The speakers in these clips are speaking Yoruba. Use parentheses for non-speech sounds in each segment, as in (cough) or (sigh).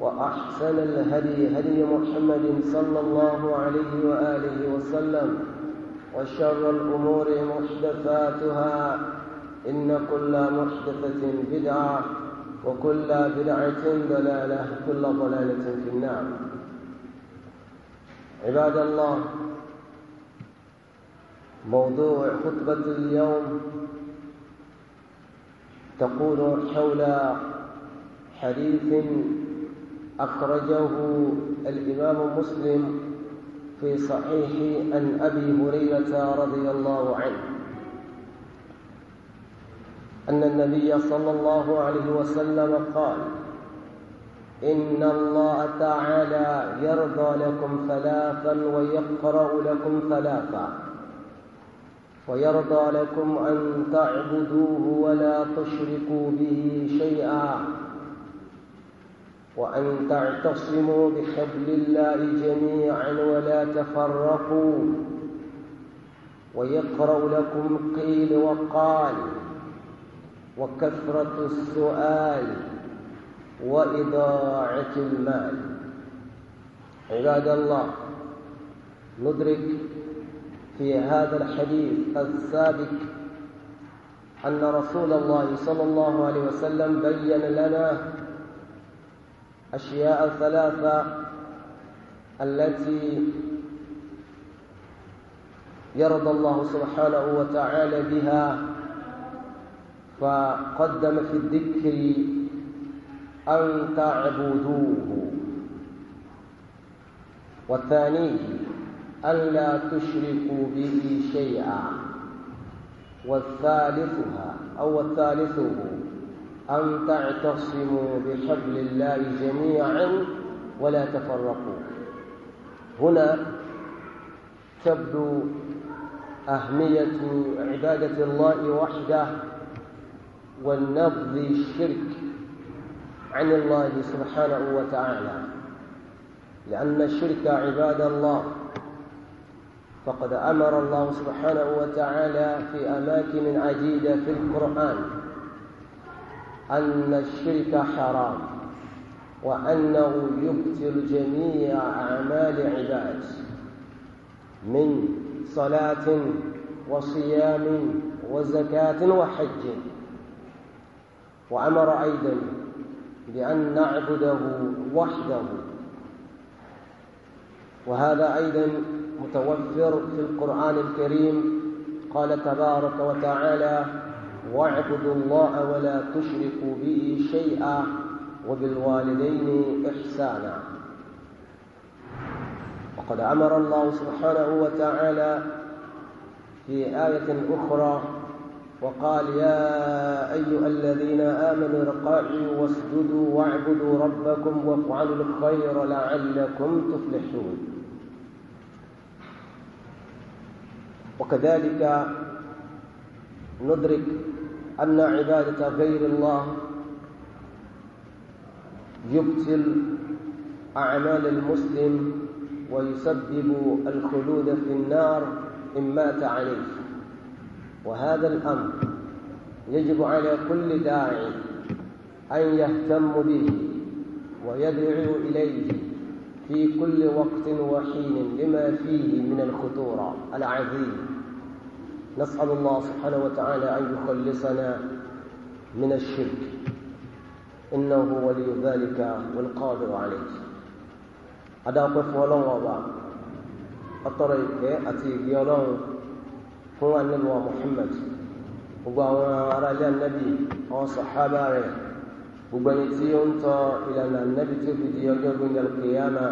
وأحسن الهدي هدي محمد صلى الله عليه وآله وسلم وشر الأمور محدثاتها إن كل محدثة بدعة وكل بدعة ضلالة كل ضلالة في النار عباد الله موضوع خطبة اليوم تقول حول حديث أخرجه الإمام مسلم في صحيح عن أبي هريرة رضي الله عنه أن النبي صلى الله عليه وسلم قال إن الله تعالى يرضى لكم ثلاثا ويقرأ لكم ثلاثا ويرضى لكم أن تعبدوه ولا تشركوا به شيئا وأن تعتصموا بحبل الله جميعا ولا تفرقوا ويقرأ لكم قيل وقال وكثرة السؤال وإضاعة المال عباد الله ندرك في هذا الحديث السابق أن رسول الله صلى الله عليه وسلم بين لنا الأشياء الثلاثة التي يرضى الله سبحانه وتعالى بها فقدم في الذكر أن تعبدوه والثاني ألا تشركوا به شيئا والثالثها أو الثالثه أن تعتصموا بحبل الله جميعا ولا تفرقوا هنا تبدو أهمية عبادة الله وحده والنبض الشرك عن الله سبحانه وتعالى لأن الشرك عباد الله فقد أمر الله سبحانه وتعالى في أماكن عديدة في القرآن أن الشرك حرام وأنه يبتل جميع أعمال عباد من صلاة وصيام وزكاة وحج وأمر أيضا بأن نعبده وحده وهذا أيضا متوفر في القرآن الكريم قال تبارك وتعالى واعبدوا الله ولا تشركوا به شيئا وبالوالدين إحسانا وقد أمر الله سبحانه وتعالى في آية أخرى وقال يا أيها الذين آمنوا ارقعوا واسجدوا واعبدوا ربكم وافعلوا الخير لعلكم تفلحون وكذلك ندرك أن عبادة غير الله يبطل أعمال المسلم ويسبب الخلود في النار إن مات عليه وهذا الأمر يجب على كل داعي أن يهتم به ويدعو إليه في كل وقت وحين لما فيه من الخطورة العظيمة نسأل الله سبحانه وتعالى أن يخلصنا من الشرك إنه ولي ذلك والقادر عليه أدعوك فولون وضع الطريق أتي يولون هو النبي محمد وقال على النبي أو صحابة عليه gbogbo ẹni tí ó ń tọ ìlànà nẹ́bí tí ó fi di ọjọ́ gbẹ̀ngàn kìíyàmá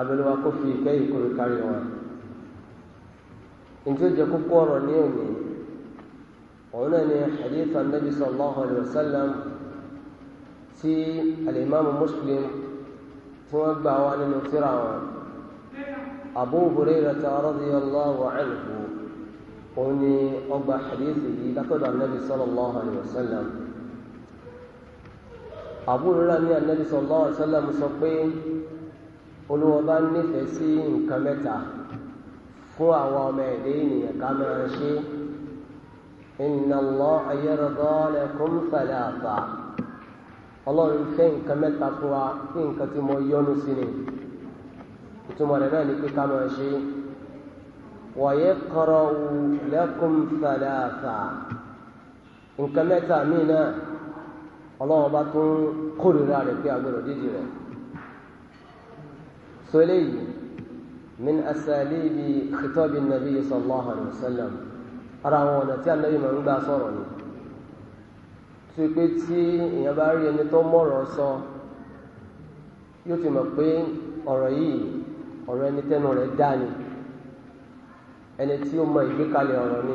abẹ́lẹ́wà kó fi ìkẹ́ ìkórè kárí wọn njẹ́ jẹ́ kókó ọ̀rọ̀ ní òní òun náà ni hadith anabi sallallahu alayhi wa sallam tí alimami muslim tí wọ́n gbà wá nínú tírà wọn abu hurayrata radiyallahu anhu òun ni ọgbà hadith yìí látọ̀dọ̀ anabi sallallahu alayhi wa sallam abu hurayrata ní anabi sallallahu alayhi wa sallam sọ pé olùwọ́n bá nífẹ̀ẹ́ sí nǹkan mẹ́ta kó àwọn ọmọ ẹ̀dẹ́ ènìyàn ká máa ṣe inna Allaha yarda lakum thalatha ọlọ́run fẹ́ nǹkan mẹ́ta fún wa kí nǹkan tí mo yọ́nú sí ni ìtumọ̀ rẹ̀ náà ni pé ká máa ṣe wa yaqra'u lakum thalatha nǹkan mẹ́ta míì náà ọlọ́run bá tún kórìíra rẹ̀ pé agbọ́dọ̀ dídì rẹ̀ so eléyìí من أساليب خطاب النبي صلى الله عليه وسلم أراونا تي النبي tí pé tí èèyàn bá rí ẹni sọ yóò ti mọ̀ pé ọ̀rọ̀ yìí ọ̀rọ̀ ẹni tẹ́nu rẹ̀ dá ni ẹni tí ó mọ ìgbékalẹ̀ ni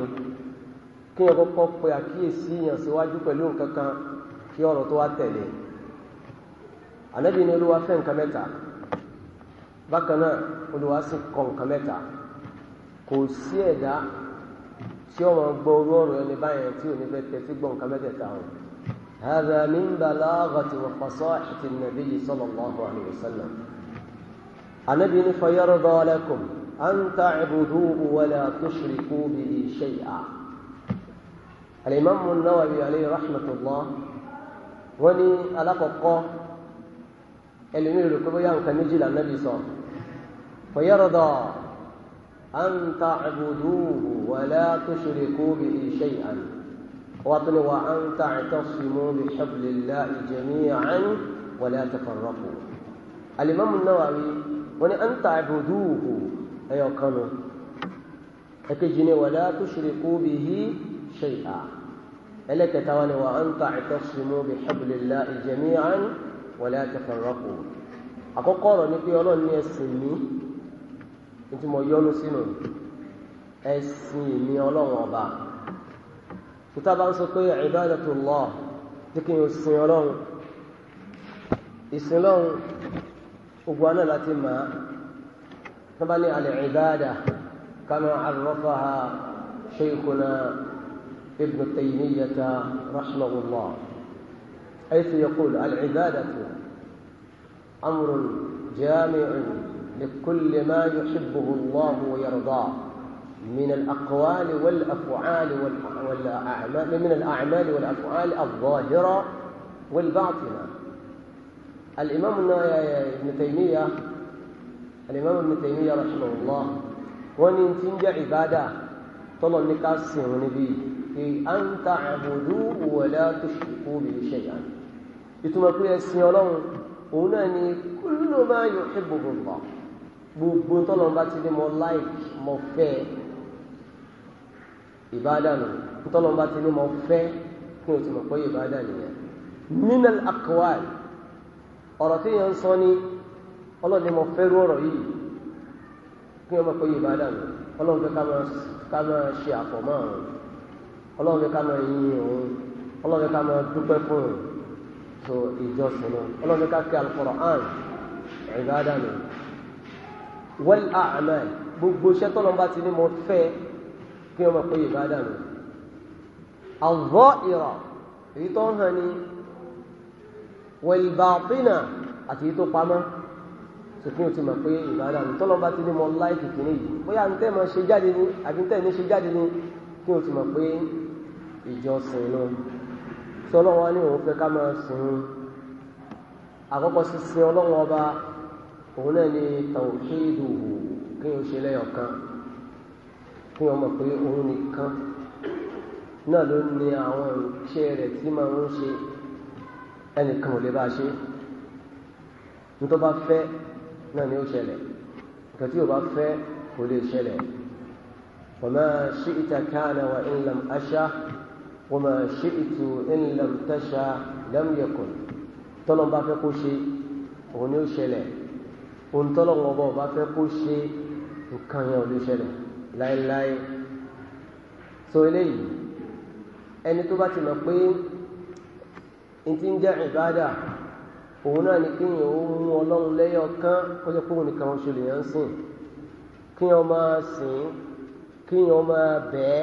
kí èèyàn kọ́kọ́ pe àkíyèsí èèyàn síwájú pẹ̀lú nǹkan kan kí tó wá bákan náà olùwàsìn kọ nǹkan mẹ́ta kò sí ẹ̀dá tí ọmọ gbọ́ orú ọ̀rọ̀ ẹni báyẹn tí ò ní fẹ́ tẹ́tí gbọ́ nǹkan mẹ́tẹ̀ẹ̀ta o هذا من بلاغة وفصاحة النبي صلى الله عليه وسلم النبي فيرضى لكم أن تعبدوه ولا تشركوا به شيئا الإمام النووي عليه رحمة الله وني ألقى ẹlòmíì rò pé bóyá nǹkan méjì lànàbì sọ fọyọ́rọ̀dọ̀ anta abuduhu wàlá tó ṣeré kó bí iṣẹ́ ìhàn wàtò ni wà anta àtọ́sùmọ́ bí ṣàbùlélá ìjẹ̀mí àn wàlá tó fọ̀rọ̀kù. alimami Nawawi wọ́n ní anta abuduhu ẹ̀yọ̀ kanu ẹ̀kejì ni wàlá tó ṣeré kó bí ṣe ìhàn ẹlẹ́kẹta wọn ni wà anta àtọ́sùmọ́ bí ṣàbùlélá ìjẹ̀mí àn. wala tafarraqu àkọ́kọ́ ọ̀rọ̀ ni pé ọlọ́run ní ẹ̀sìn mi ní tí mo yọ́nu sínú ẹ̀sìn mi ọlọ́run ọba tuta bá ń sọ pé ibadatullah tí kí n sin ọlọ́run ìsin lọ́run ogun aná láti máa tó bá ní al-ibada kama arrafaha shaykhuna ibn Taymiyyah rahimahullah حيث يقول العبادة أمر جامع لكل ما يحبه الله ويرضاه من الأقوال والأفعال والأعمال من الأعمال والأفعال الظاهرة والباطنة الإمام ابن تيمية الإمام ابن تيمية رحمه الله وإن تنجى عبادة طلع نكاس ونبي في أن تعبدوا ولا تشركوا به شيئا ìtumọ̀ pé ẹ̀sìn ọlọ́run òun náà ni kullu ma yuhibbuhu Allah gbogbo tọ́lọ́run bá ti dé mọ́ láìkì mọ́ fẹ́ ìbádànù tọ́lọ́run bá ti dé mọ́ fẹ́ kí o ti mọ̀ pé ìbádànù yẹn minal aqwal ọ̀rọ̀ tí yẹn ń sọ ní ọlọ́run ni mo fẹ́rú ọ̀rọ̀ yìí kí wọ́n mọ̀ pé ìbádànù ọlọ́run fẹ́ ká máa ṣe àfọ̀mọ́ ọlọ́run fẹ́ ká máa yìn òun ọlọ́run fẹ́ ká máa dúpẹ́ fún òun so ìjọsìn náà ọlọ́ni káàkiri al-Qur'an ìbáadà nù wal a'mal gbogbo iṣẹ́ tọ́lọ́ bá ti ní mo fẹ́ kí wọ́n máa pé ìbáadà nù al-zahira èyí tó ń hàn ní wal bá ti ní mo láìkì kìíní yìí bóyá ń tẹ́ ṣe jáde ní àbí ní ṣe jáde ní kí o ti pé ìjọsìn náà tí ọlọ́run wá ní òun fẹ́ ká máa sìn ín àkọ́kọ́ sísin ọlọ́run ọba òun náà ni tàwùhídù kí n ṣe lẹ́yọ̀kan kí wọ́n mọ̀ pé òun nìkan náà ló ní àwọn iṣẹ́ rẹ̀ tí máa ń ṣe ẹnìkan ò lè bá ṣe nítorí bá fẹ́ náà ni ó ṣẹlẹ̀ nǹkan tí ò bá fẹ́ kò lè ṣẹlẹ̀ wa ma shi'ta kana wa in lam وما شئت إن لم تشاء لم يكن tọ́lọ́n bá fẹ́ kó ṣe òun ni ó ṣẹlẹ̀ òun tọ́lọ́n ọba ọba fẹ́ kó ṣe nǹkan yẹn ò lè ṣẹlẹ̀ láéláé so eléyìí ẹni tó bá ti mọ̀ pé n ti ń jẹ́ ìbáàdà òun náà ni kíyàn ó mú ọlọ́run lẹ́yọ kán ó jẹ́ pé nìkan oṣù lè yàn sìn kíyàn máa sìn kíyàn máa bẹ́ẹ̀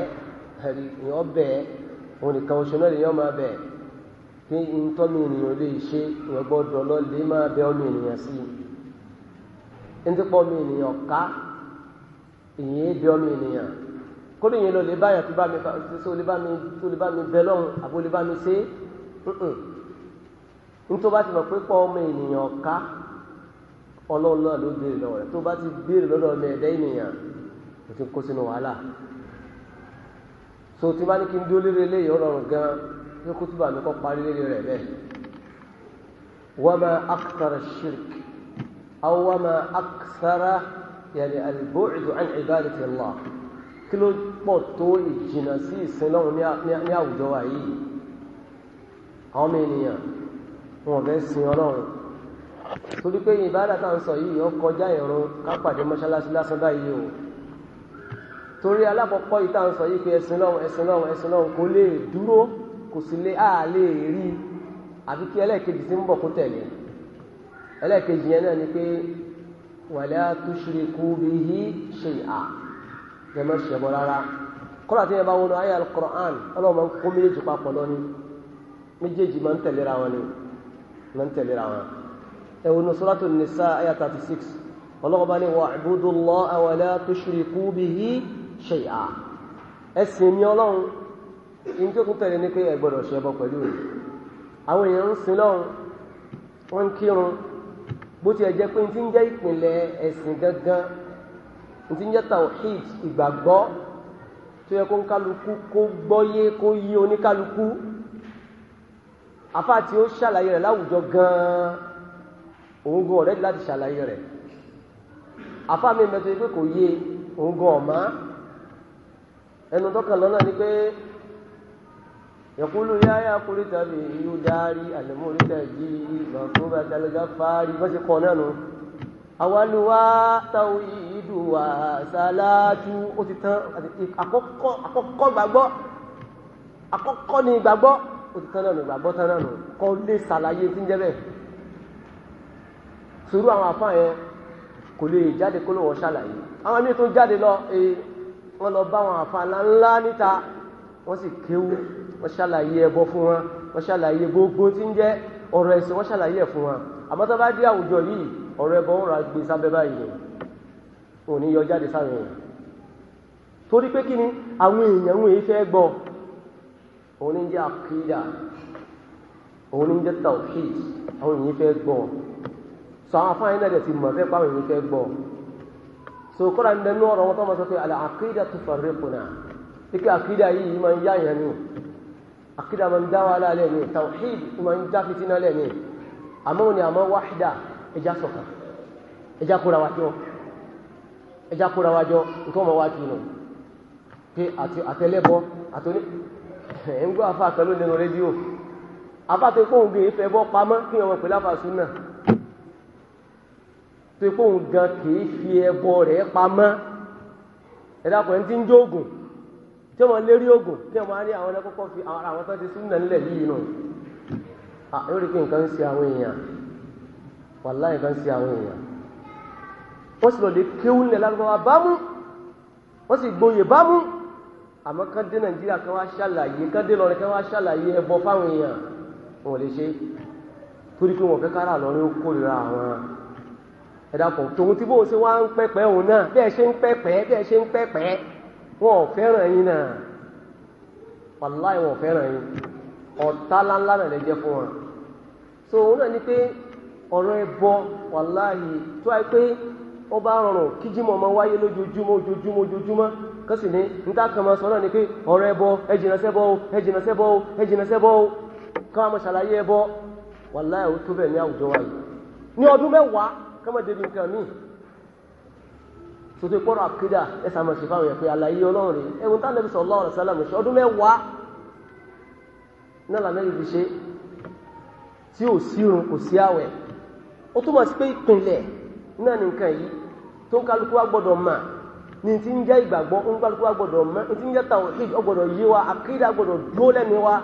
ẹ̀rí ìyàn bẹ́ẹ̀ òun nìkan oṣù náà lèyàn máa bẹ̀ pé ntọ́nu ènìyàn lè ṣe ọdụ lọ lè máa bẹ ọmọ ènìyàn sí i ntẹ́pọ̀ ọmọ ènìyàn ká ìyẹn bẹ ọmọ ènìyàn lọ lè báyà tó bá mi tó lè bá mi bẹ lọ́hùn àbó lè bá mi ṣe nítorí bá ti mọ̀ pé ọmọ ènìyàn ká ọlọ́run náà ló béèrè lọ́wọ́ so tí bá ní kí n dúró lérí eléyìí ó rọrùn gan ní kútùbà mi kọ́ parí lérí rẹ̀ bẹ́ẹ̀ wama akthara shirk aw wama akthara yàrá al-bu'du an ibadati Allah kí ló pọ̀ tó ìjìnà sí ìsìn lọ́run ní àwùjọ wa yìí àwọn ọmọ ènìyàn wọn fẹ́ sin ọlọ́run torí pé ìbádà tá à ń sọ yìí ó kọjá ìrun ká pàdé lásán báyìí o torí alákọ̀ọ́kọ́ ìta ń sọ yìí pé ẹ̀sìn lọ́wọ́ ẹ̀sìn lọ́wọ́ ẹ̀sìn lọ́wọ́ kò lè dúró kò sì lè á lè rí àbí kí ẹlẹ́ẹ̀kejì ti ń bọ̀ kó tẹ̀lé ẹlẹ́ẹ̀kejì yẹn náà ni pé wala tushriku bihi shay'a ẹ má ṣe bọ́ rárá kọ́lá tí yẹn bá wọnú ayé al-Qur'an ọlọ́wọ́ máa ń kó méjèèjì papọ̀ lọ́ni méjèèjì máa ń tẹ̀léra wọn ni máa ń tẹ̀léra wọn ẹ wọnú Suratu Nisa ayé 36 ọlọ́wọ́ bá ní ṣe à ẹ̀sìn mi ọlọ́run in tó kún tẹ̀lé ní pé ẹ gbọ́dọ̀ ṣe ẹbọ pẹ̀lú rẹ̀ àwọn èèyàn ń sin lọ́run wọ́n ń kírun bó ti ẹ̀ jẹ́ pé ti ń jẹ́ ìpìnlẹ̀ ẹ̀sìn gangan ti ń jẹ́ tawhid ìgbàgbọ́ tó yẹ kó ń kálukú kó gbọ́yé kó yí oníkálukú afá tí ó ṣàlàyé rẹ̀ láwùjọ gan-an òun gan ọ̀rẹ́dì láti ṣàlàyé rẹ̀ afá mi mẹ́tọ́ yẹ pé kò yé òun gan ọ̀mọ́ ẹnu tọkàn lọ́nà ni pé yẹkulu yáyà kúrú tàbí yíyú dárí àlẹmúrítà yìí lọ́kùnrin àtàlẹ́gà fárí bá ṣe kọ́ náà nù. àwálùwá táwọn yìí dùn wá sàlátú ó ti tán àkọ́kọ́ àkọ́kọ́ gbàgbọ́ àkọ́kọ́ ni gbàgbọ́ ó ti tán náà nù gbàgbọ́ tán náà nù kọ́ lé sàlàyé tí ń jẹ́ bẹ́ẹ̀. sùúrù àwọn àfáà yẹn kò lè jáde kó ló wọ́n ṣàlàyé àwọn míì tún jáde lọ ee wọ́n lọ bá àwọn àfààní ńlá níta wọ́n sì kéwú wọ́n ṣàlàyé ẹbọ fún wọn wọ́n ṣàlàyé gbogbo tí ń jẹ́ ọ̀rọ̀ ẹ̀sìn wọ́n ṣàlàyé ẹ̀ fún wọn àmọ́ tó bá dé àwùjọ yìí ọ̀rọ̀ ẹbọ ń ra gbé sábẹ́ báyìí ò ní yọ jáde sáwọn èèyàn torí pé kí ni àwọn èèyàn ń fẹ́ gbọ́ òun ní jẹ́ àkídà òun ní jẹ́ tàwíìd àwọn èèyàn fẹ́ gbọ́ sọ àwọn afáyín náà dẹ̀ ti mọ̀ fẹ́ pàwọn èèyàn fẹ́ gbọ́ so kọ́ra ń bẹnu ọ̀rọ̀ wọn tó máa sọ pé àlẹ́ àkídà tó fàrẹ́ kùnà ike àkídà yìí máa ń yá yẹn ni àkídà máa ń dá wàhálà lẹ̀ ni tawhid máa ń já fitinà lẹ̀ ni àmọ́ ni àmọ́ wáhídà ẹja sọ̀kan ẹja kóra wájọ́ ẹja kóra wájọ́ nǹkan ọmọ wájú nù pé àtẹlẹ́bọ àtọ́ní ẹ̀ ń gbọ́ afá kan ló lẹ́nu rédíò afá tó kóhùn gbé ìfẹ́ bọ́ pamọ́ kí ọmọ pẹ̀lú àfàsùn náà tó kó ń gan kìí fi ẹbọ rẹ̀ pamọ́ ẹ̀dá pẹ̀lú ti ń jó oògùn tí wọ́n lérí oògùn tí á ní àwọn ẹlẹ́kọ́kọ́ fi àwọn tó ti súnmọ́ nílẹ̀ yìí nù yóò rí pé nǹkan ń ṣe àwọn èèyàn wàlá nǹkan ń ṣe àwọn èèyàn wọ́n sì lọ lè kéwú nílẹ̀ lálùbọ́wá bámú sì bámú nàìjíríà kán wá ṣàlàyé ẹ̀dàpọ̀ tòun tí bó ṣe wá ń pẹ́pẹ́ òun náà bẹ́ẹ̀ ṣe ń pẹ́pẹ́ bẹ́ẹ̀ ṣe ń pẹ́pẹ́ wọn ò fẹ́ràn yín náà wàláì wọn ò fẹ́ràn yín ọ̀tá láńlá náà lè fún wọn. so òun náà ni pé ọ̀rọ̀ ẹbọ wàláì tó wáyé pé ó bá rọrùn kíjímọ̀ ọmọ wáyé lójoojúmọ́ ojoojúmọ́ ojoojúmọ́ kọ́sì ní níta kan máa sọ náà ni pé ọ̀rọ̀ ẹbọ ẹ jìnà sẹ́bọ o ẹ jìnà sẹ́bọ o ẹ jìnà sẹ́bọ o káwọn ọmọ ṣàlàyé ẹbọ wàláì ó tó bẹ̀ ní àwùjọ wa ní ọdún mẹ́wàá kọ́mọ̀ débi nǹkan míì sọtò ìpọ́nrọ̀ àkídà ẹ̀sà máa ṣe fáwọn yẹn pé àlàyé ọlọ́run rèé sallallahu alaihi wasallam ṣe ọdún mẹ́wàá náà lànà yìí fi ṣe tí ò sí irun kò sí àwẹ̀ ó túmọ̀ sí pé ìpìnlẹ̀ náà ní nǹkan yìí tó ń kálukú wa gbọ́dọ̀ mà ní ti ń jẹ́ ìgbàgbọ́ ń kálukú wa gbọ́dọ̀ mà àkídà gbọ́dọ̀ dúró lẹ́nu wa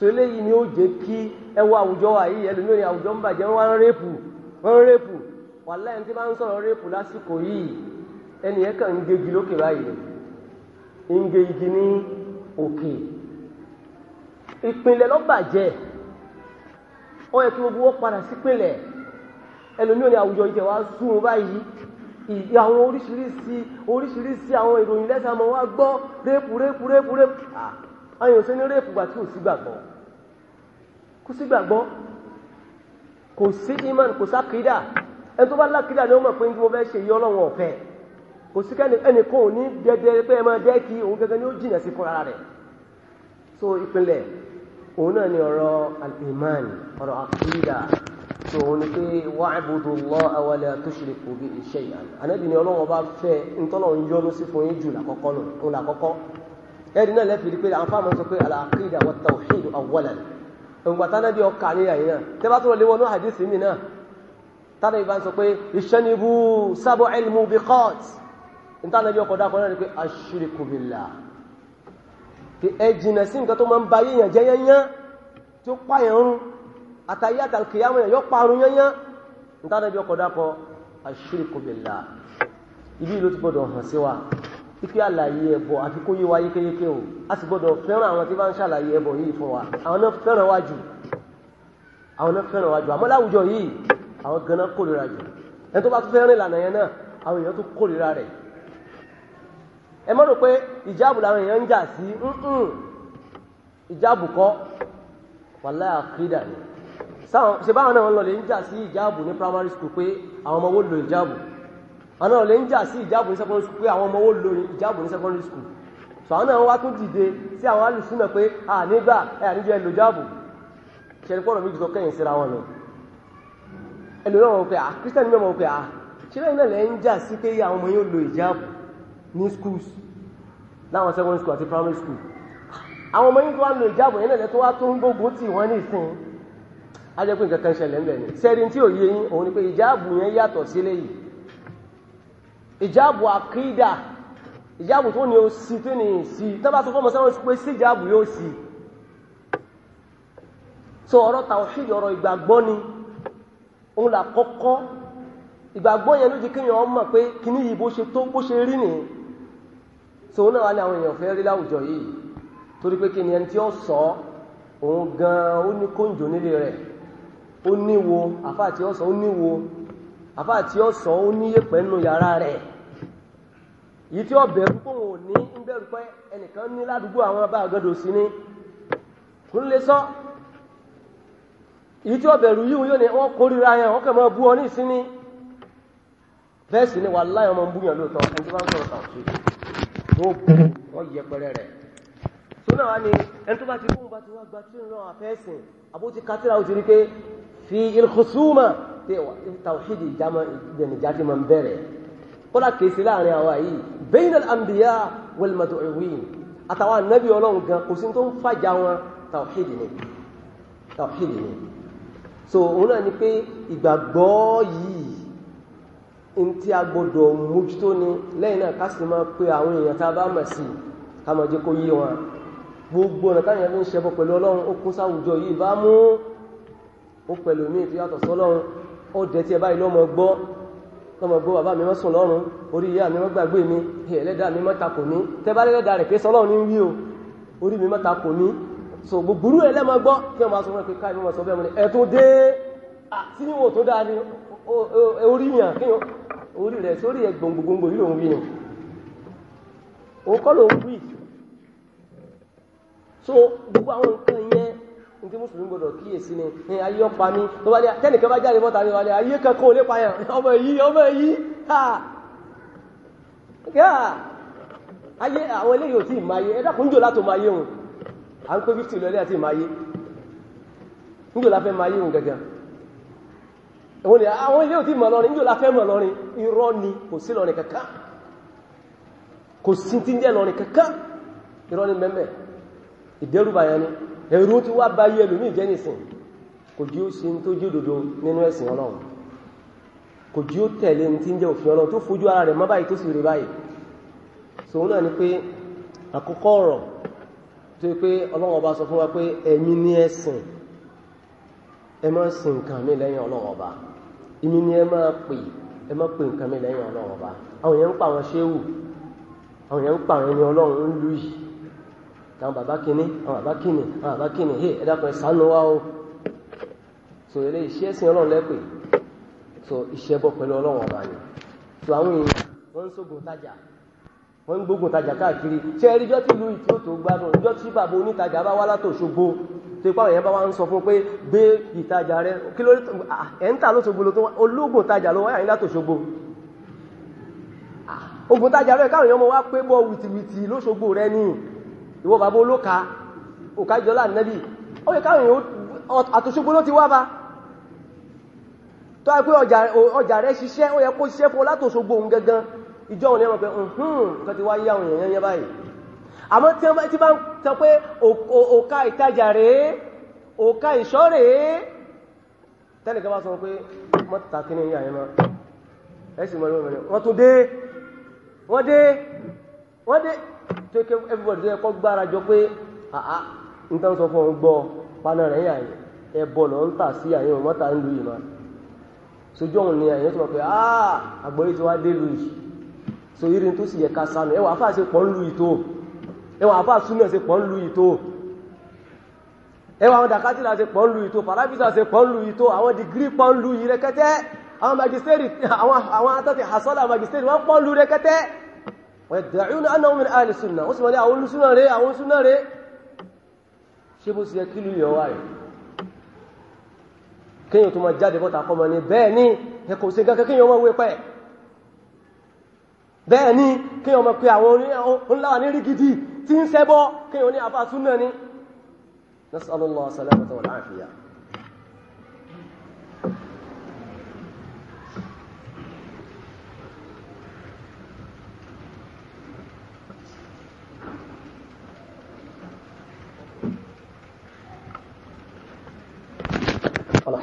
so eléyìí ni ó jẹ́ kí ẹ wọ àwùjọ wa yìí ẹlòmíràn àwùjọ ń bàjẹ́ wọn ń rẹ́pù wọn ń rẹ́pù wàhálà ẹni tí bá ń sọ̀rọ̀ rẹ́pù lásìkò yìí ẹni yẹn kàn ń gegi lókè báyìí ń ge igi ní òkè ìpìlẹ̀ ló bàjẹ́ ó yẹ kí gbogbo wọn padà sípìlẹ̀ ẹlòmíràn àwùjọ ìjẹ sún un báyìí àwọn oríṣiríṣi oríṣiríṣi àwọn ìròyìn lẹ́sàmọ́ wa gbọ́ rẹ́pù rẹ́pù rẹ́pù rẹ́pù ah ayọ̀ sí ní rẹ́pù gbà tí ò sí gbàgbọ́ kò sí gbàgbọ́ kò sí iman kò sákìdá ẹni tó bá lákìdá ni ó mọ̀ pé ní mo fẹ́ ṣe yí ọlọ́run ọ̀fẹ́ kò sí kẹ́ni ẹnì kan ní dẹ́dẹ́ pé ẹ máa dẹ́ òun gẹ́gẹ́ ni ó jìnà sí fúnra rẹ̀ so ìpínlẹ̀ òun náà ni ọ̀rọ̀ iman ọ̀rọ̀ àkìdá so òun ni pé wa'budu Allaha wa la tushriku bihi shay'an ànábì ni ọlọ́run ọba fẹ́ ntọ́lọ́run ẹ̀rí náà lẹ́fì rí pé àǹfà máa ń sọ pé al-aqida wa tawhid awwalan òǹgbà tánà bí ọkà ní àyè náà tẹ́bá tó lè wọnú hadith mi náà tánà ìbá ń sọ pé ìṣẹ́nibú sab'il mubiqat ìtànà bí ọkọ̀ dákọ̀ náà ni pé ashriku billah kí ẹ jìnà sí nǹkan tó máa ń ba ibi ìlú ti gbọdọ̀ hàn sí ife àlàyé ẹbọ àfi kó yé wa yékéyéké o a sì gbọ́dọ̀ fẹ́ràn àwọn tí bá ń ṣàlàyé ẹbọ yìí fún wa àwọn náà fẹ́ràn wa jù àwọn náà fẹ́ràn wa jù àmọ́ láwùjọ yìí àwọn ganan kórìíra jù ẹni tó bá tún fẹ́ràn ìlànà yẹn náà àwọn èèyàn tún kórìíra rẹ̀ ẹ mọ́ rò pé ìjáàbù làwọn èèyàn ń jà sí ni ṣe báwọn náà ń ń ìjáàbù ní primary school àwọn náà lè ń jà sí ìjáàbò ní secondary school pé àwọn ọmọ owó lo ìjáàbò ní secondary school so àwọn náà wá tún dìde sí àwọn alùsùnà pé à nígbà ẹ àníjẹ ẹ lò jáàbò ṣẹlẹ̀ pọ̀rọ̀ méjì tó kẹ́yìn síra wọn lọ ẹlòmíràn wọn pé à Christian mẹ́mọ̀ pé à ṣẹlẹ̀ náà lè ń jà sí pé àwọn ọmọ yóò lo ìjáàbò ní schools láwọn secondary school àti primary school àwọn ọmọ yìí tó wá lo ìjáàbò yẹn lẹ́lẹ́ tó wá tó ń gbógun tì wọ́n ní ìsìn ajẹ́pẹ́ nǹkan kan ṣẹlẹ̀ ńbẹ̀ ni sẹ́rin tí ò yé ni pé ìjáàbò yẹn ìjáàbù àkídà ìjáàbù tó ní o sí tó ní sí tọ́bá tó fọ́mọ̀ sáwọn pé sí ìjáàbù yóò sí so ọ̀rọ̀ tàwọ̀ṣídì ọ̀rọ̀ ìgbàgbọ́ ni òun là kọ́kọ́ ìgbàgbọ́ yẹn ló jẹ́ kéèyàn ọmọ pé kíní yìí bó ṣe tó bó ṣe rí nìyí so òun náà wà ní àwọn èèyàn fẹ́ rí láwùjọ yìí torí pé kíni ẹni tí ó sọ òun gan-an ó ní kóńjò nílé rẹ̀ ó níwo àfáà tí ó sọ ó níwo àfà tí ó sọ ó níyè pẹ̀lú yàrá rẹ̀ yìí tí ó bẹ̀rù pé òun ò ní ń bẹ̀rù pé ẹnìkan ní ládùúgbò àwọn abá àgọ́dọ̀ sí ni kò lè sọ yìí tí ó bẹ̀rù yìí yóò ní wọ́n kórìíra yẹn wọ́n kàn máa bú ọ ní ìsinmi bẹ́ẹ̀ sì ni wàláhì ọmọ ń lóòótọ́ ẹni tí wọ́n ń sọ̀rọ̀ sàwùsù wọ́n bú wọ́n yẹ pẹ́rẹ́ rẹ̀ sónà wa ni ẹni tó bá ti kóhun bá ti wá gba tí ń lọ àfẹ́sìn àbó katira ó ti rí pé fi ilkhusuma tàwíìdì ìdẹ̀nìjà ti máa ń bẹ̀rẹ̀ kódà kèsì láàrin àwa yìí bainal anbiya wal mad'uwin àtàwọn ànábì ọlọ́run gan kò sí tó ń fàjà wọn so òun náà ni pé ìgbàgbọ́ yìí n tí a ni lẹ́yìn náà ká sì máa pe àwọn èèyàn tá a bá mọ̀ sí ká máa jẹ́ kó yé wọn gbogbo ọ̀nà táyà fi ń ṣẹbọ pẹ̀lú ọlọ́run ó kún sáwùjọ yìí bá mú ó pẹ̀lú míì tó yàtọ̀ ó dẹ̀ tí ẹ báyìí lọ́mọ gbọ́ lọ́mọ gbọ́ bàbá mi mọ́ sùn lọ́rùn orí ìyá mi mọ́ gbàgbé mi ẹlẹ́dàá mi mọ́ takò mí tẹ́ rẹ̀ ní orí mi mọ́ takò so gbogbo gbọ́ kí pé mọ́ nítorí mùsùlùmí gbọdọ̀ kíyèsí ni ní ayé ọpa mi tó bá ní tẹ́nìkan bá jáde mọ́ta ní wà ní ayé kankan olé payàn (laughs) ọmọ èyí ọmọ èyí ayé àwọn eléyìí ò tí ìmá ayé ẹ̀dàkùn ń jò látò máa yé òun à ń pé 50 lọ́lẹ́ àti ìmá ayé ń jò láfẹ́ máa yé òun gẹ̀gẹ̀ òun ni àwọn ilé ò tí mọ̀ lọ́rin ń jò láfẹ́ mọ̀ lọ́rin irọ́ ni kò sí lọ́rin kankan kò sí ti ń jẹ́ lọ́rin kankan irọ́ ni mẹ́mẹ́ ìdẹ́rùbà yẹn ni ẹ̀rù tí wá bá yẹ lómi jẹ́ nìsìn kò jí ó ṣe tó jí òdodo nínú ẹ̀sìn ọlọ́run kò jí ó tẹ̀lé tí ń jẹ́ òfin ọlọ́run tó fojú ara rẹ̀ mọ́ báyìí tó sì rí báyìí so náà ni pé àkọ́kọ́ ọ̀rọ̀ tó pé ọlọ́run ọba sọ fún wa pé ẹ̀yin ni ẹ̀sìn ẹ má sìn nǹkan mi lẹ́yìn ọlọ́run ọba ìmí ni ẹ máa pè ẹ má pè nǹkan mi lẹ́yìn àwọn bàbá kìíní àwọn bàbá kìíní àwọn bàbá kìíní hey ẹ dákun o so eré iṣẹ́ sin ọlọ́run lẹ́pẹ́ so iṣẹ́ bọ́ pẹ̀lú ọlọ́run ọba ni so àwọn èèyàn wọ́n ń sógun tajà wọ́n ń gbógun tajà káàkiri ṣé ẹ rí jọ́ tí ìlú ìtí ó tó gbádùn jọ́ tí bàbá onítajà bá wá látòṣogbo tó ipá òyìnbá wa ń sọ fún pé gbé ìtajà rẹ kí ló ah, ẹ̀ ń tà lóṣogbo ló tó ológun tajà ló wáyà ní látòṣogbo ah, ogun tajà rẹ káwọn èèyàn mọ wá pé bọ́ wìtìwìtì lóṣogbo rẹ ni ìwọ bàbá olóka òkájọ́lá nẹ́bí ó yẹ káwọn èèyàn àtúnṣúgbó ló ti wá bá tó ẹ pé ọjà rẹ̀ ṣiṣẹ́ ó yẹ kó ṣiṣẹ́ fún látòṣogbo ohun gangan ìjọ òní ẹmọ pé ǹhún nǹkan ti wá yá àwọn èèyàn yẹn báyìí àmọ́ tí bá ń tọ pé òka ìtajà rẹ̀ òka ìṣọ́ rẹ̀ tẹ́nìkan bá sọ pé mọ́ta kí ní ìyá yẹn máa ẹ̀sìn mọ́ take kẹ́ everybody tó kọ kọ́ gbára jọ pé àá n tán sọ fún ọ gbọ paná rẹ̀ ẹ lọ ń tà sí àyẹ̀wò mọ́ta ń lu yìí mọ́ sojú ni àyẹ̀wò tó mọ̀ pé áà àgbọ̀yé dé lu yìí so irin tó sì yẹ ká sanu ẹwà afá ṣe pọ̀ ń lu ẹwà afá súnmọ̀ ṣe pọ̀ ń lu ẹwà àwọn ṣe pọ̀ ń lu ṣe pọ̀ ń lu àwọn pọ̀ ń lu yìí àwọn magistrate àwọn magistrate wọ́n pọ̀ ń lu ويدعون أنهم من أهل السنة واسمع لي أول سنة ري أول سنة ري ṣébó sí ẹkílù yọwà rẹ̀ kíyàn tó ma jáde bọ́ta kọmọ ní bẹ́ẹ̀ ní ẹkùn sí gẹ́gẹ́ kíyàn wọ́n wé pẹ́ bẹ́ẹ̀ ní kíyàn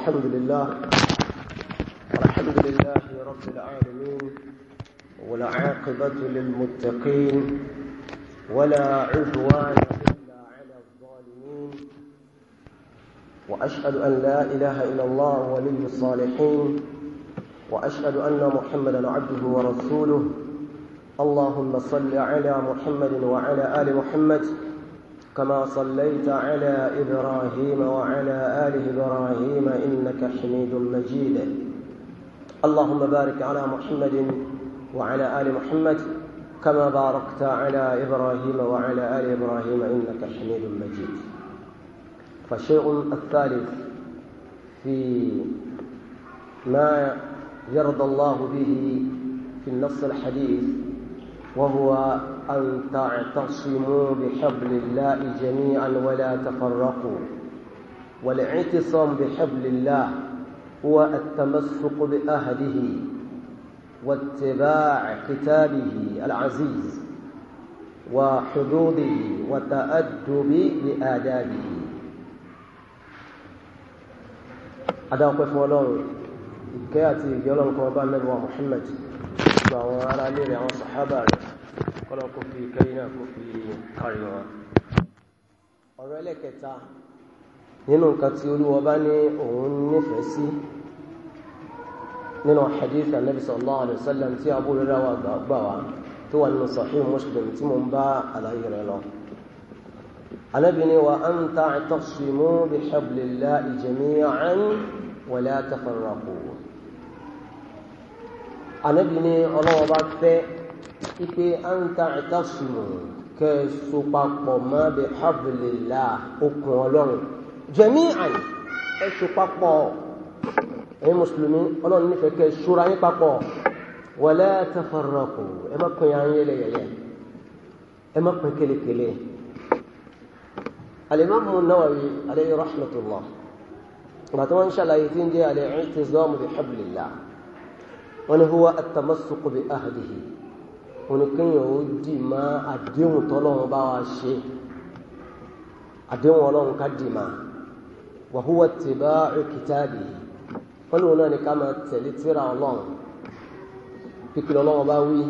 الحمد لله الحمد لله رب العالمين والعاقبة للمتقين ولا عدوان إلا على الظالمين وأشهد أن لا إله إلا الله ولي الصالحين وأشهد أن محمدا عبده ورسوله اللهم صل على محمد وعلى آل محمد كما صليت على إبراهيم وعلى آل إبراهيم إنك حميد مجيد اللهم بارك على محمد وعلى آل محمد كما باركت على إبراهيم وعلى آل إبراهيم إنك حميد مجيد فالشيء الثالث في ما يرضى الله به في النص الحديث وهو أن تعتصموا بحبل الله جميعا ولا تفرقوا والاعتصام بحبل الله هو التمسك بأهله واتباع كتابه العزيز وحدوده وتأدب بآدابه هذا fún ọlọ́run كياتي àti ìgbẹ́ ọlọ́run kan bá mẹ́rin wa kọ́lọ́ kó fi kẹ́yìn náà kó fi kárí wọn. ọ̀rọ̀ ẹlẹ́kẹta nínú nǹkan tí olúwa bá ní òun nífẹ̀ẹ́ sí nínú hadith anabi sallallahu alayhi wa sallam tí abu rira wa gbà wá tó wà nínú sahih muslim tí mo ń bá àlàyé rẹ lọ. anabi wa an ta'tasimu bi hablillahi jami'an wa la tafarraqu. anabi ọlọ́wọ́ bá fẹ́ ipe anta ìtàsùnù kẹ sopapọ̀ mọ́ bi hablillah okùn ọlọ́run jami'an ẹ sopapọ̀ ẹ̀yin mùsùlùmí ọlọ́run nífẹ̀ẹ́ kẹ ṣúra yín papọ̀ wala tafarraqu ẹ má pín yàn yẹlẹyẹlẹ ẹ má pín kélekèle al-imam an-Nawawi alayhi rahmatullah ìgbà tí ń ṣàlàyé tí ń jẹ́ al-i'tizamu bi hablillah wa huwa at bi ahdihi oníkéèyàn ó dì má àdéhùn tọ́lọ́run bá wa ṣe àdéhùn ọlọ́run ká dì má wa huwa ittiba'u kitabihi wọ́n lóun náà ní ká máa tẹ̀lé tírà ọlọ́run kíkìlọ̀ ọlọ́run bá wí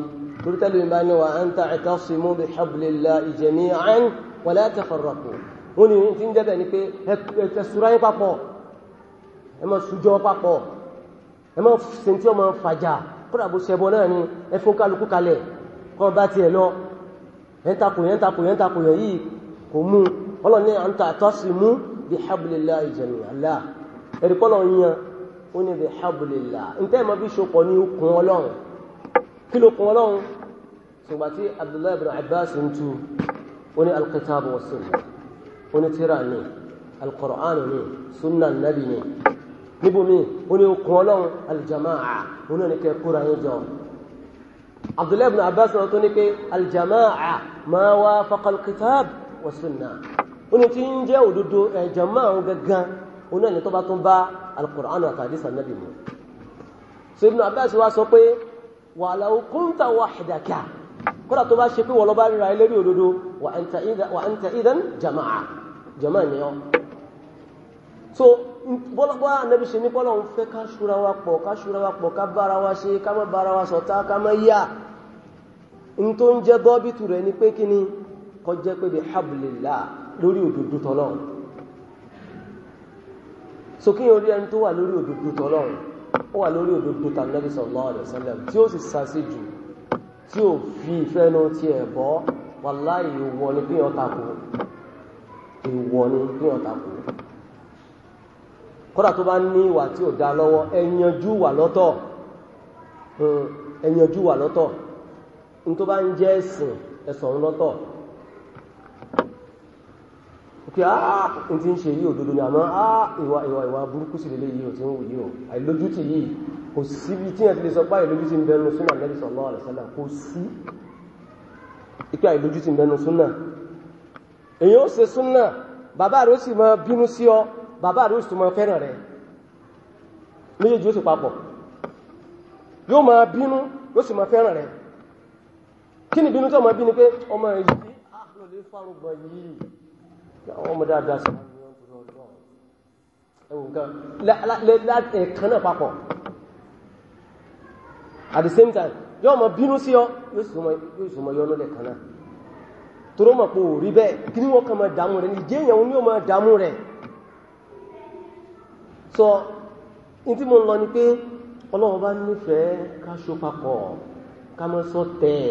torí tẹ́lẹ̀ bá ní wa an ta'tasimu bihablillahi jami'an wa la tafarraqu wọ́n ní ti ń dẹ́bẹ̀ ni pé ẹ sùúrà yín papọ̀ ẹ máa sùjọ papọ̀ ẹ máa sèntí ọmọ fàjà kó dàbò ṣẹbọ náà ni ẹ fún kálukú kalẹ̀ kọ́ bá tiẹ̀ lọ yẹntakùn yẹntakùn yẹntakùn yẹn yìí kò mú ọlọ́ni àǹtà àtọ́sí mú bí hábùlélà ìjẹ̀mì àlá ẹ̀rí kọ́ lọ́n yan ó ní bí hábùlélà ntẹ́ ìmọ̀ bí sopọ̀ ní okùn ọlọ́run kí ló kun ọlọ́run ṣùgbọ́n tí abdullahi ibn abbas ń tu ó ní alkitabu wa sunna ó ní tírà ni abdullahi ibn abbas náà tó ní pé aljama'a ma wafaqa alkitab wa sunna ó ní tí ń jẹ́ òdodo ẹ̀jọ̀mọ́ àwọn gangan ó náà ní tó bá tún bá alquran àti hadith anabi mu so ibn abbas wá sọ pé walau kunta wahdaka kódà tó bá ṣe pé wọ́n lọ bá ríra ẹlẹ́rìí òdodo wa anta idan jama'a jama'a ni ọ́ so bọ́lọ́bọ́ ànábì ṣe ní bọ́lọ̀ ń fẹ́ ká ṣúra wa pọ̀ ká ṣúra wa pọ̀ ká bára wa ṣe ká má bára wa ṣọ̀tá ká má yá n tó ń jẹ́ gọ́bìtù rẹ̀ ni pé kí ni kó jẹ́ pé bí hablillah lórí òdodo tọ́lọ́run so kí yẹn orí ẹni tó wà lórí òdodo tọ́lọ́run ó wà lórí òdodo tàbí kódà tó bá ní ìwà tí ò dá lọ́wọ́ ẹ̀yanjú wà lọ́tọ̀ hmm, ẹ̀yanjú wà lọ́tọ̀ ní tó bá ń jẹ́ ẹ̀sìn ẹ̀sọ̀ ń lọ́tọ̀ kí á n ti ń ṣe yìí òdodo ni àmọ́ á ìwà ìwà ìwà burúkú sí lélẹ́ yìí ò tí ń wù yìí o àìlójútì yìí kò síbi tí ẹ̀tì lè sọ pá àìlójútì ń bẹnu súnà Nabi sallallahu alaihi wasallam kò sí ipé àìlójútì ń bẹnu súnà èyí ó ṣe súnà bàbá rẹ̀ ó sì máa bínú sí ọ bàbá rẹ̀ ó sì mọ́ fẹ́ràn rẹ̀ méjèèjì ó sì papọ̀ yóò máa bínú ó sì mọ́ fẹ́ràn rẹ̀ kí ni bínú tó mọ́ bínú pé ọmọ yìí ló ah, lè fárúgbọ̀n yìí àwọn ọmọ dáadáa ẹwùn kan láti ẹ̀kan papọ̀ sọ ní mo lọ ni pé ọlọ́run bá nífẹ̀ẹ́ ká so papọ̀ ká má sọ tẹ̀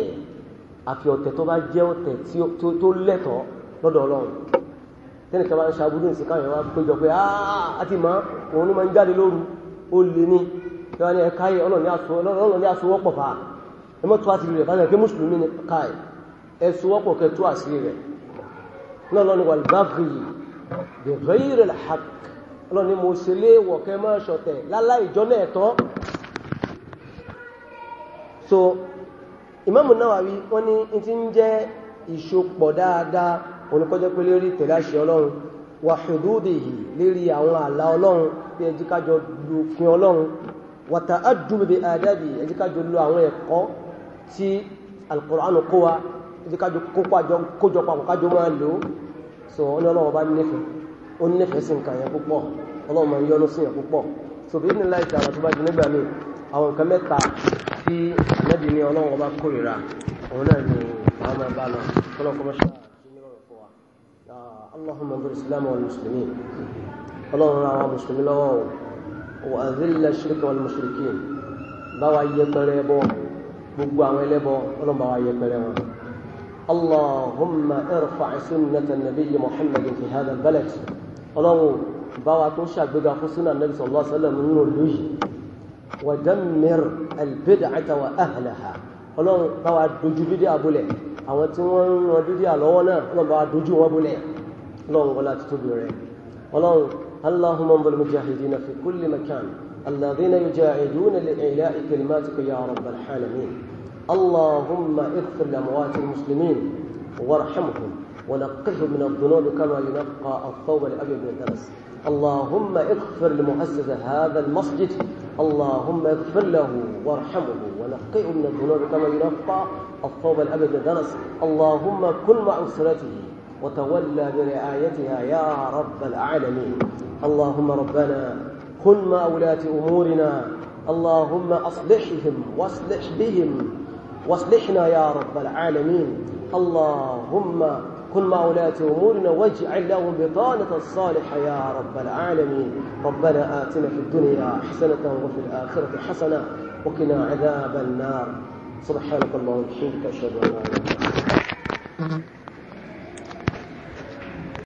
àfi ọ̀tẹ̀ tó bá jẹ́ ọ̀tẹ̀ tó lẹ́tọ̀ọ́ lọ́dọ̀ ọlọ́run tẹ́nìkan bá ń ṣàbúrú ìsìn káwọn èèyàn wá péjọ pé àá ti máa òun ló máa ń jáde lóru ó lè ní ẹwà ní ẹ̀ka yìí ọlọ́run ní àsowọ́pọ̀ fà á ẹ mọ́ tó àṣírí rẹ̀ báyìí pé mùsùlùmí ní ká ẹ̀ ẹ sowọ́pọ̀ kẹ tó àṣírí rẹ̀ náà lọ́nà wà lùbáàgì yìí bẹ̀rẹ̀ rẹ̀ hàkì ọlọ́run ni mo ṣe léèwọ̀ kẹ́ máa ṣọ̀tẹ̀ láláì jọ́nà ẹ̀tọ́ so Ìmáàmù Nawawi wọ́n ní ti ń jẹ́ ìṣopọ̀ dáadáa oníkọ́jẹ́ pé lérí tẹ̀lé àṣẹ ọlọ́run wà hududihi lérí àwọn àlà ọlọ́run bí ẹjíkájọ lu òfin ọlọ́run wa ta'addubi bi adabi ẹjíkájọ lu àwọn ẹ̀kọ́ tí al kó wa ẹjíkájọ kópa kójọpọ̀ àkókájọ máa lò so ọlọ́run ọba nífẹ̀ẹ́ ó nífẹ̀ẹ́ sí nǹkan yẹn púpọ̀ ọlọ́run máa ń yọ́nú sí yẹn púpọ̀ so bí ní láì tààrà tó bá di nígbà míì àwọn nǹkan mẹ́ta tí ànábì ní ọlọ́run ọba kórìíra òun náà ni àwọn máa bá lọ ọlọ́run kọ́ mọ́ṣáà tí ní ọ̀rọ̀ fún wa allahumma bil islam wal muslimin ọlọ́run اللهم ارفع سنة النبي محمد في هذا البلد ọlọ́run bá wa tó ṣàgbéga fún súnà nẹ́bí sallallahu alaihi wasallam nínú ìlú yìí wa dammir al-bid'ata wa ahlaha ọlọ́run bá wa dojú bídí àbúlẹ̀ àwọn tí wọ́n ń ran bídí àlọ́wọ́ náà ọlọ́run bá wa dojú wọn búlẹ̀ ọlọ́run wọlá ti tóbi rẹ̀ ọlọ́run allahumma anzil mujahidina fi kulli makan alladhina yujahiduna li ila'i kalimatika ya rabbal alamin allahumma ighfir li amwati al-muslimin warhamhum ونقه من الذنوب كما ينقى الثوب الأبيض من الدنس اللهم اغفر لمؤسس هذا المسجد اللهم اغفر له وارحمه ونقه من الذنوب كما ينقى الثوب الأبيض من الدنس اللهم كن مع أسرته وتولى برعايتها يا رب العالمين اللهم ربنا كن مع ولاة أمورنا اللهم أصلحهم واصلح بهم واصلحنا يا رب العالمين اللهم كن مع ولاة أمورنا واجعل لهم بطانة الصالحة يا رب العالمين ربنا آتنا في الدنيا حسنة وفي الآخرة حسنة وقنا عذاب النار سبحانك اللهم وبحمدك أشهد أن لا إله إلا أنت